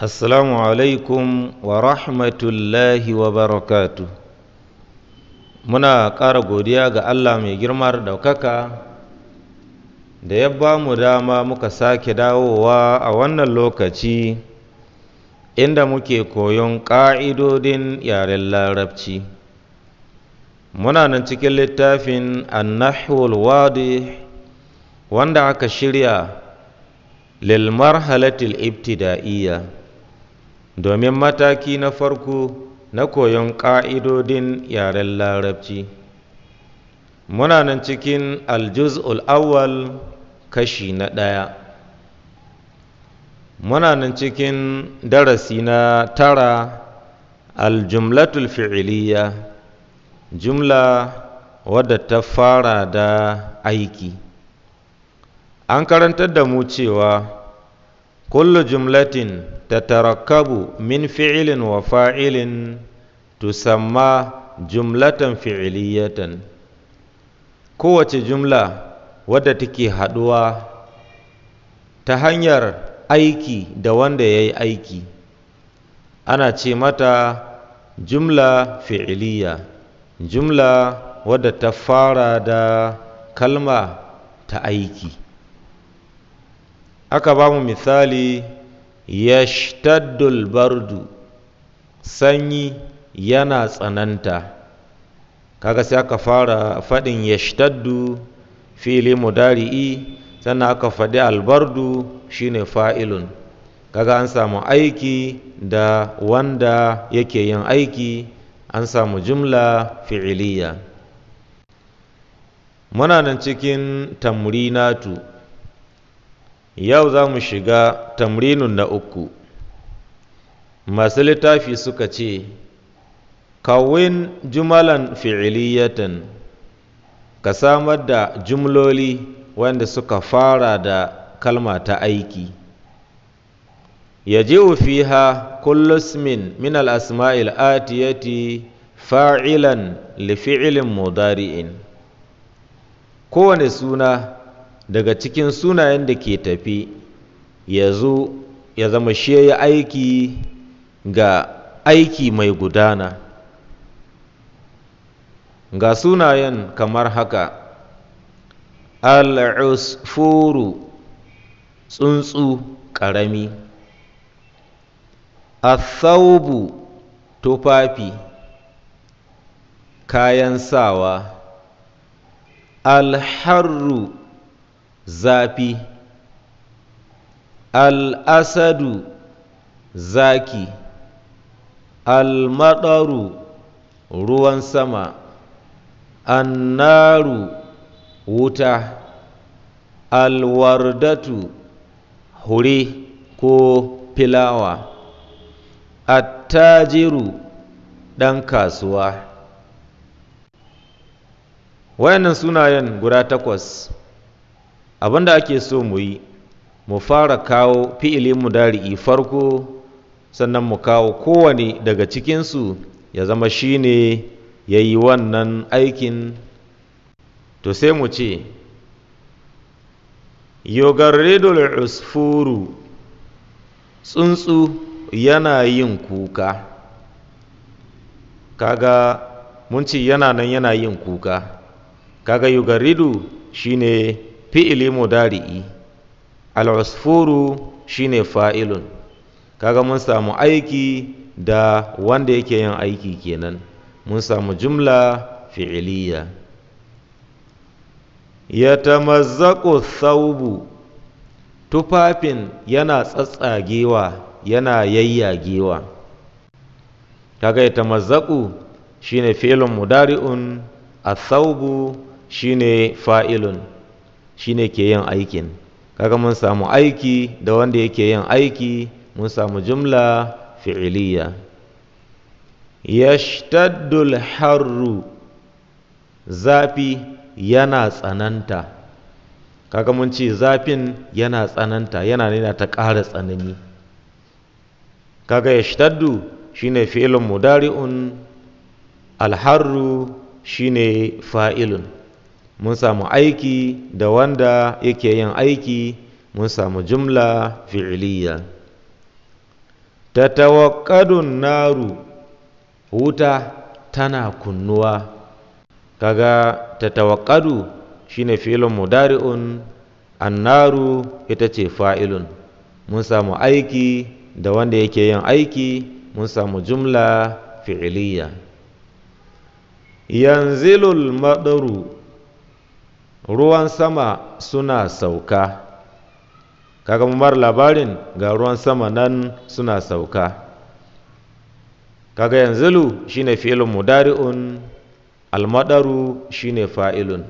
assalamu alaikum wa rahmatullahi wa barakatu muna ƙara godiya ga allah mai girmar ɗaukaka da ya ba mu dama muka sake dawowa a wannan lokaci inda muke koyon ƙa'idodin yaren larabci muna nan cikin littafin annahul wadi wanda aka shirya lilmar halatul ibtida'iyya domin mataki na farko na koyon ƙa'idodin yaren larabci muna nan cikin aljuz'ul awwal kashi na ɗaya muna nan cikin darasi na tara aljumlatul fi'iliya jumla wadda ta fara da aiki an karantar da mu cewa kullu jumlatin ta tatarakabu min fi'ilin wa fa'ilin tusamma jumlatan fi'iliyatan kowace jumla wadda take haɗuwa ta hanyar aiki da wanda ya yi aiki ana ce mata jumla fi'iliya jumla wadda ta fara da kalma ta aiki aka ba mu misali yashtaddul bardu sanyi yana tsananta kaga sai aka fara faɗin yashtaddu fili mudari'i sannan aka faɗi albardu shine fa'ilun kaga an samu aiki da wanda yake yin aiki an samu jumla fi'iliya muna nan cikin tamrinatu yau za mu shiga tamrinun na uku masu littafi suka ce kawin jumalan fi'iliyatan ka samar da jumloli wanda suka fara da kalma ta aiki ya ji ha kullusmin Minal al'asma'il atiyati fa'ilan li fi'ilin mudari'in kowane suna daga cikin sunayen da ke tafi ya zo ya zama shi ya aiki ga aiki mai gudana ga sunayen kamar haka al'usfuru tsuntsu ƙarami athaubu tufafi kayan sawa alharru zafi al'asadu zaki almadaru ruwan sama annaru wuta alwardatu hure ko filawa attajiru ɗan kasuwa wayannan sunayen guda takwas abin da ake so mu yi mu fara kawo fi'ili mudari'i farko sannan mu kawo kowane daga cikinsu ya zama shi ne ya yi wannan aikin to sai mu ce yogarridul usfuru tsuntsu yana yin kuka kaga mun ce yana nan yana yin kuka kaga yogaridu shine fi'ili mudari'i al'usfuru shine fa'ilun kaga mun samu aiki da wanda yake yin aiki kenan mun samu jumla fi'iliya yatamazzaku thawbu tufafin yana tsatsagewa yana yayyagewa kaga ya yatamazzaku shine fi'ilun mudari'un athawbu shine fa'ilun shine ke yin aikin kaga mun samu aiki da wanda yake yin aiki mun samu jumla fi'iliya yashtaddul harru zafi yana tsananta kaga mun ce zafin yana tsananta yana nuna ta ƙara tsanani kaga yashtaddu shine fi'ilun mudari'un alharru shine fa'ilun mun samu aiki da wanda yake yin aiki mun samu jumla fi'iliya tatawakkadun naru wuta tana kunnuwa kaga tatawakkadu shine fi'ilun mudari'un annaru ita ce fa'ilun mun samu aiki da wanda yake yin aiki mun samu jumla fi'iliya yanzilul madaru ruwan sama suna sauka kaga mara labarin ga ruwan sama nan suna sauka kaga yanzulu shine fi'ilun mudari'un almadaru shine fa'ilun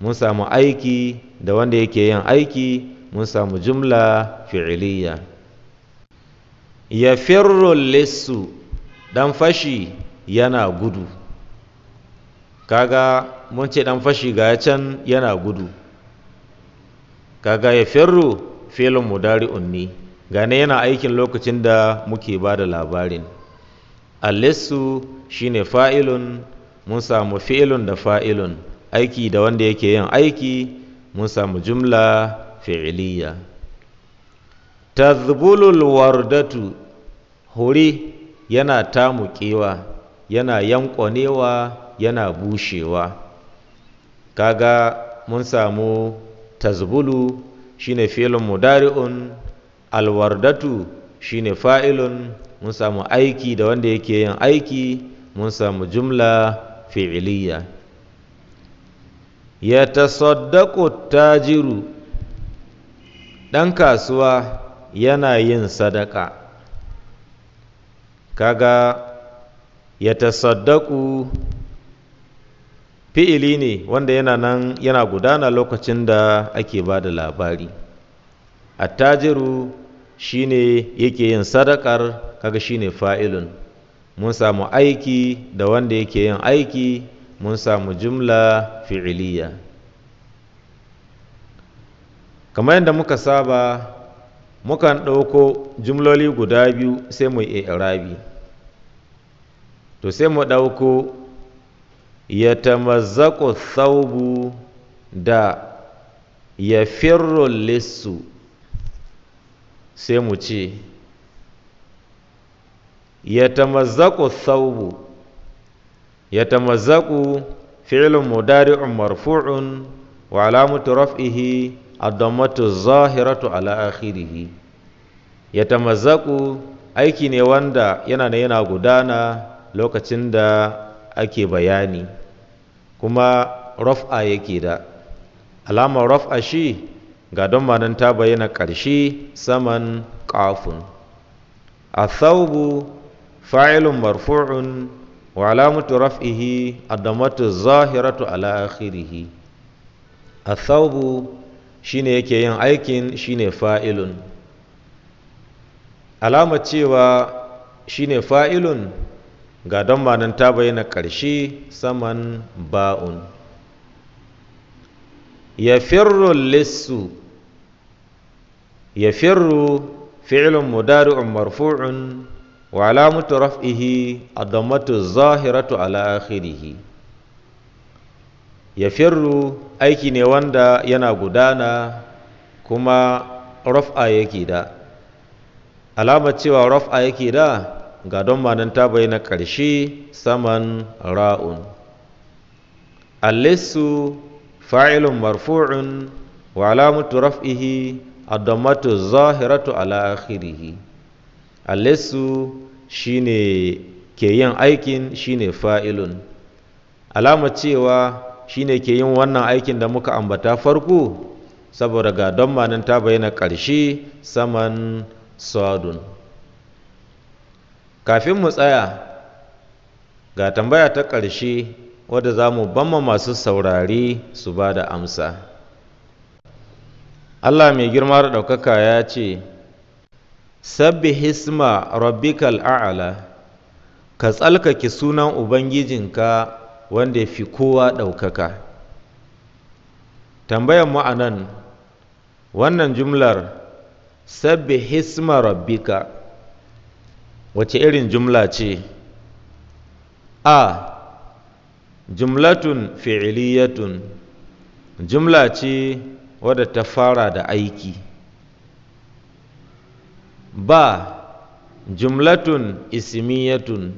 mun samu aiki da wanda yake yin aiki mun samu jumla fi'iliya ya firru lissu dan fashi yana gudu kaga mun ce dan fashi ga can yana gudu kaga ya firru filin mudari unni gane yana aikin lokacin da muke ba da labarin allisu shine fa'ilun mun samu fi'ilun da fa'ilun aiki da wanda yake yin aiki mun samu jumla fi'iliya tazbulul wardatu huri yana tamuƙewa yana yankonewa yana bushewa kaga mun samu tazbulu shine filin mudari'un alwardatu shine fa'ilun mun samu aiki da wanda yake yin aiki mun samu jumla fi'iliya ya tasaddaqu tajiru ɗan kasuwa yana yin sadaka kaga ya tasaddaku fi'ili ne wanda yana nan yana gudana lokacin da ake ba da labari attajiru shi ne yake yin sadakar kaga shi ne fa'ilun mun samu aiki da wanda yake yin aiki mun samu jumla fi'iliya kamar yadda muka saba mukan ɗauko jumloli guda biyu sai mu yi to sai mu ɗauko ya tamazzaku thawbu da ya lissu sai mu ce ya tamazzaku thawbu ya tamazzaku fi'lun mudari'un marfu'un wa alamatu raf'ihi ad-dammatu zahiratu ala akhirih ya tamazzaku aiki ne wanda yana da yana gudana lokacin da ake bayani kuma raf'a yake da alamar raf'a shi ga don manan ta bayyana ƙarshe saman ƙafin. a thawbu fa'ilun marfu'un wa alamatu raf'ihi addamatu zahiratu ala akhirihi a thawbu shine yake yin aikin shine fa'ilun alama cewa shine fa'ilun ga don manan ta bayyana ƙarshe saman ba'un ya firro lissu ya firro fi'ilun mudari'un marfu'un wa alamutu raf'ihi damatu zahiratu ala ya firro aiki ne wanda yana gudana kuma raf'a yake da alamar cewa raf'a yake da ga don manan ta bayyana ƙarshe saman ra'un allisu fa'ilun marfu'un wa alamutu raf'ihi addammatu zahiratu ala akhirihi shi ne ke yin aikin shi ne fa'ilun alama cewa shi ne ke yin wannan aikin da muka ambata farko saboda ga don manan ta bayyana ƙarshe saman sadun kafin mu tsaya ga tambaya ta ƙarshe wadda za mu bamma masu saurari su ba da amsa allah mai girma da ɗaukaka ya ce sabbi hisma rabbikal a'ala ka tsalkake sunan ubangijinka wanda ya fi kowa ɗaukaka tambayan mu a wannan jumlar sabbi hisma rabbika wace irin jumla ce a jumlatun fi'iliyatun jumla ce wadda ta fara da aiki ba jumlatun isimiyatun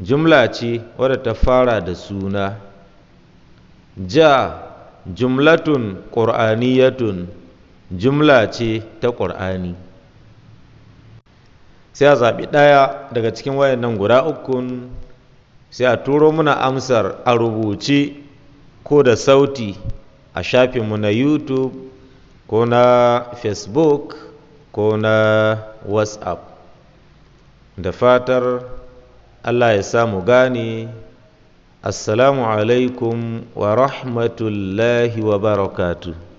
jumla ce wadda ta fara da suna ja jumlatun ƙur'aniyatun jumla ce ta ƙur'ani sai a zaɓi ɗaya daga cikin wayannan guda ukun sai a turo muna amsar a rubuce ko da sauti a shafinmu na youtube ko na facebook ko na whatsapp da fatar allah ya samu gani assalamu alaikum wa rahmatullahi wa barakatu.